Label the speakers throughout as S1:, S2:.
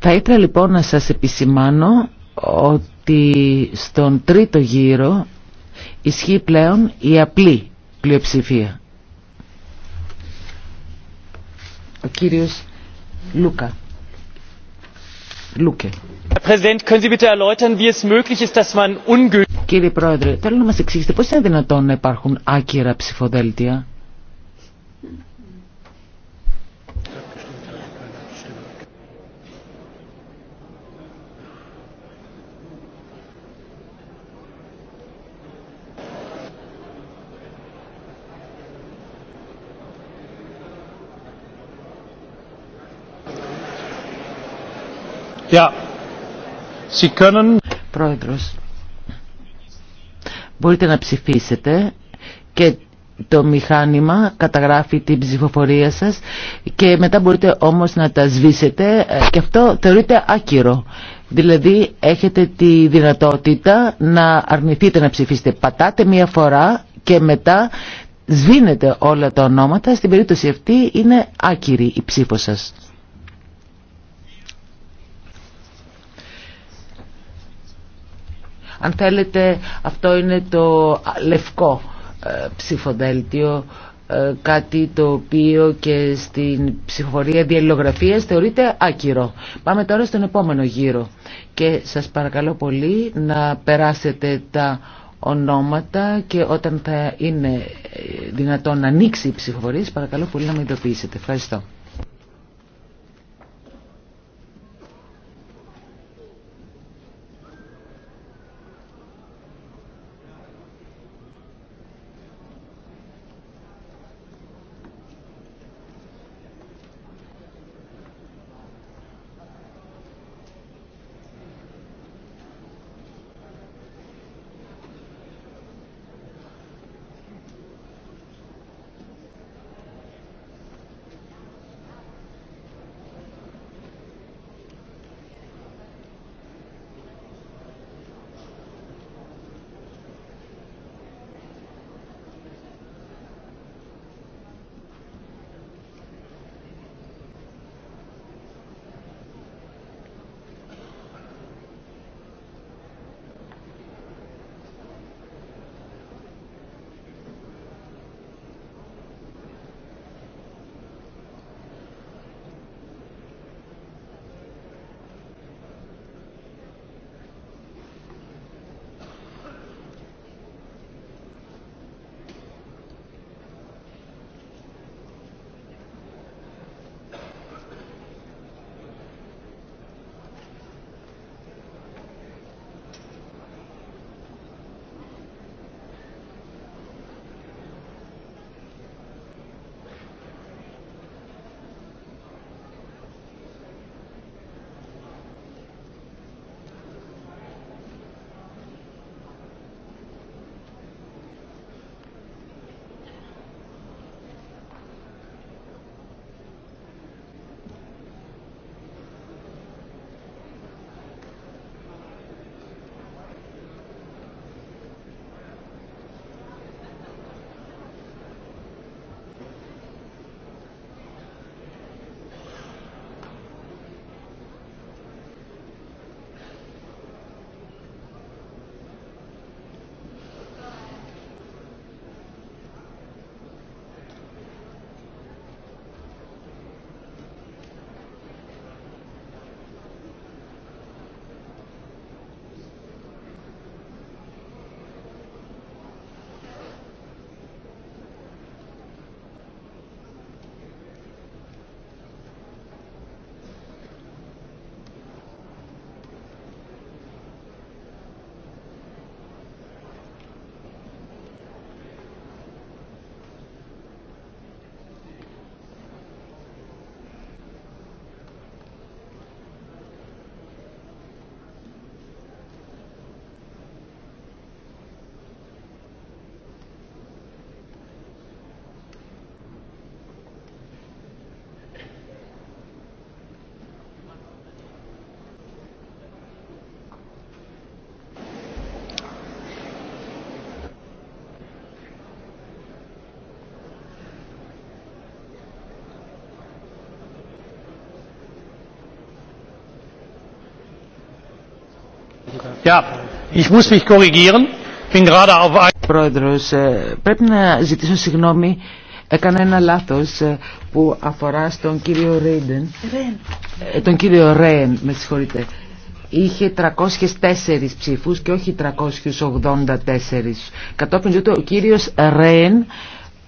S1: Θα ήθελα λοιπόν να σας επισημάνω ότι στον τρίτο γύρο ισχύει πλέον η απλή πλειοψηφία. Ο κύριος Λούκα. Λούκε. Κύριε Πρόεδρε, θέλω να μας εξηγήσετε πώς είναι δυνατόν να υπάρχουν άκυρα ψηφοδέλτια. Πρόεδρο, μπορείτε να ψηφίσετε και το μηχάνημα καταγράφει την ψηφοφορία σας και μετά μπορείτε όμως να τα σβήσετε ε, και αυτό θεωρείται άκυρο. Δηλαδή έχετε τη δυνατότητα να αρνηθείτε να ψηφίσετε. Πατάτε μία φορά και μετά σβήνετε όλα τα ονόματα. Στην περίπτωση αυτή είναι άκυρη η ψήφο σας. Αν θέλετε αυτό είναι το λευκό ε, ψηφοδέλτιο ε, κάτι το οποίο και στην ψηφοφορία διαλληλογραφίας θεωρείται άκυρο. Πάμε τώρα στον επόμενο γύρο και σας παρακαλώ πολύ να περάσετε τα ονόματα και όταν θα είναι ε, δυνατόν να ανοίξει η ψηφοφορία παρακαλώ πολύ να με ειδοποιήσετε. Ευχαριστώ. Πρόεδρος, πρέπει να ζητήσω συγγνώμη. Έκανα ένα λάθος ε, που αφορά στον κύριο Ρέιντεν. Ρέν. Ε, τον κύριο Ρέν, με συγχωρείτε. Είχε 304 ψήφους και όχι 384. Κατόπιν ζούτο ο κύριος Ρέν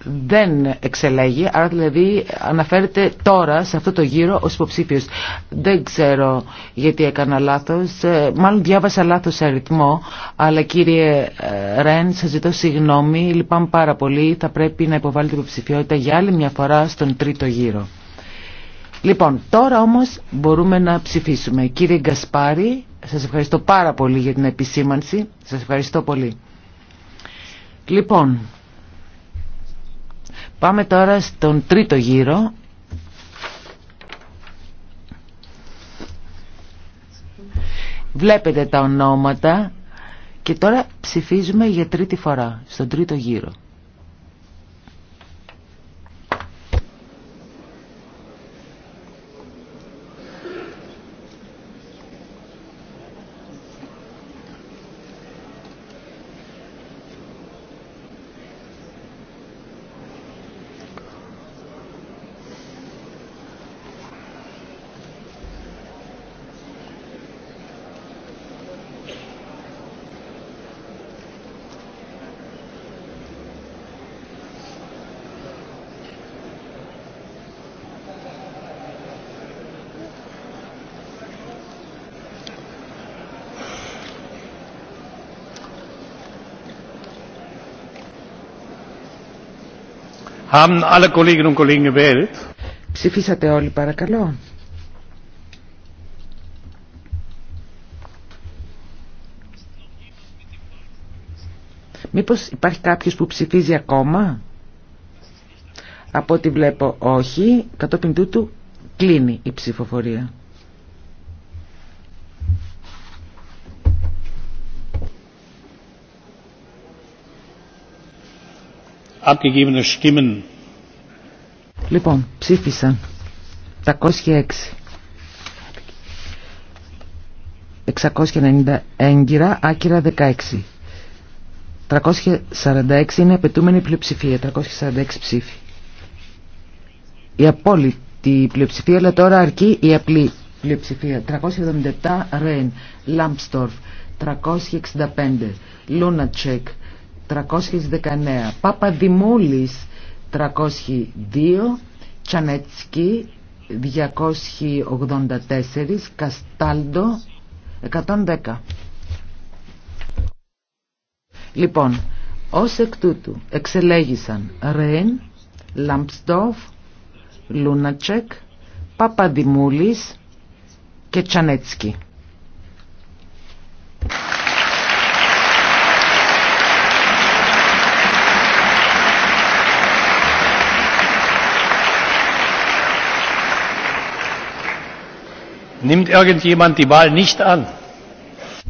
S1: δεν εξελέγει, άρα δηλαδή αναφέρεται τώρα σε αυτό το γύρο ως υποψήφιος. Δεν ξέρω γιατί έκανα λάθος, ε, μάλλον διάβασα λάθος αριθμό, αλλά κύριε ε, Ρεν, σας ζητώ συγγνώμη, λυπάμαι πάρα πολύ, θα πρέπει να υποβάλλετε την υποψηφιότητα για άλλη μια φορά στον τρίτο γύρο. Λοιπόν, τώρα όμως μπορούμε να ψηφίσουμε. Κύριε Γκασπάρη, σας ευχαριστώ πάρα πολύ για την επισήμανση, σας ευχαριστώ πολύ. Λοιπόν, Πάμε τώρα στον τρίτο γύρο. Βλέπετε τα ονόματα και τώρα ψηφίζουμε για τρίτη φορά, στον τρίτο γύρο. Haben Ψηφίσατε όλοι παρακαλώ. Μήπως υπάρχει κάποιος που ψηφίζει ακόμα. Από ό,τι βλέπω όχι. Κατόπιν τούτου κλείνει η ψηφοφορία. abgegebene Stimmen. Λοιπόν, ψήφισαν. 306. 690 έγκυρα, άκυρα 16. 346 είναι απαιτούμενη πλειοψηφία, 346 ψήφοι. Η απόλυτη πλειοψηφία, αλλά τώρα αρκεί η απλή πλειοψηφία. 377 Ρέιν, Λάμπστορφ, 365 Λούνατσεκ, 319, Παπαδημούλης 302, Τσανέτσκι 284, Καστάλντο 110. Λοιπόν, ως εκ τούτου εξελέγησαν Ρέν, Λαμπστόφ, Λούνατσεκ, Παπαδημούλης και Τσανέτσκι.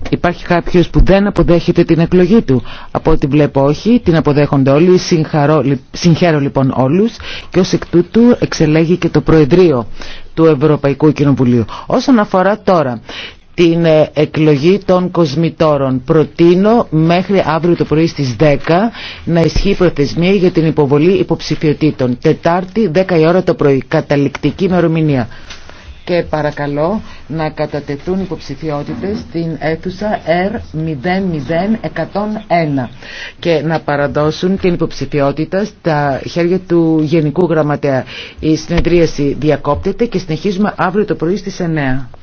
S1: Υπάρχει κάποιος που δεν αποδέχεται την εκλογή του. Από ό,τι βλέπω όχι, την αποδέχονται όλοι, Συγχαρώ, συγχαίρω λοιπόν όλους και ως εκ τούτου εξελέγει και το Προεδρείο του Ευρωπαϊκού Κοινοβουλίου. Όσον αφορά τώρα την ε, εκλογή των κοσμητόρων. Προτείνω μέχρι αύριο το πρωί στις 10 να ισχύει προθεσμία για την υποβολή υποψηφιωτήτων. Τετάρτη, 10 η ώρα το πρωί, καταληκτική ημερομηνία και παρακαλώ να κατατεθούν υποψηφιότητες στην αίθουσα R00101 και να παραδώσουν την υποψηφιότητα στα χέρια του Γενικού Γραμματέα. Η συνεδρίαση διακόπτεται και συνεχίζουμε αύριο το πρωί στις 9.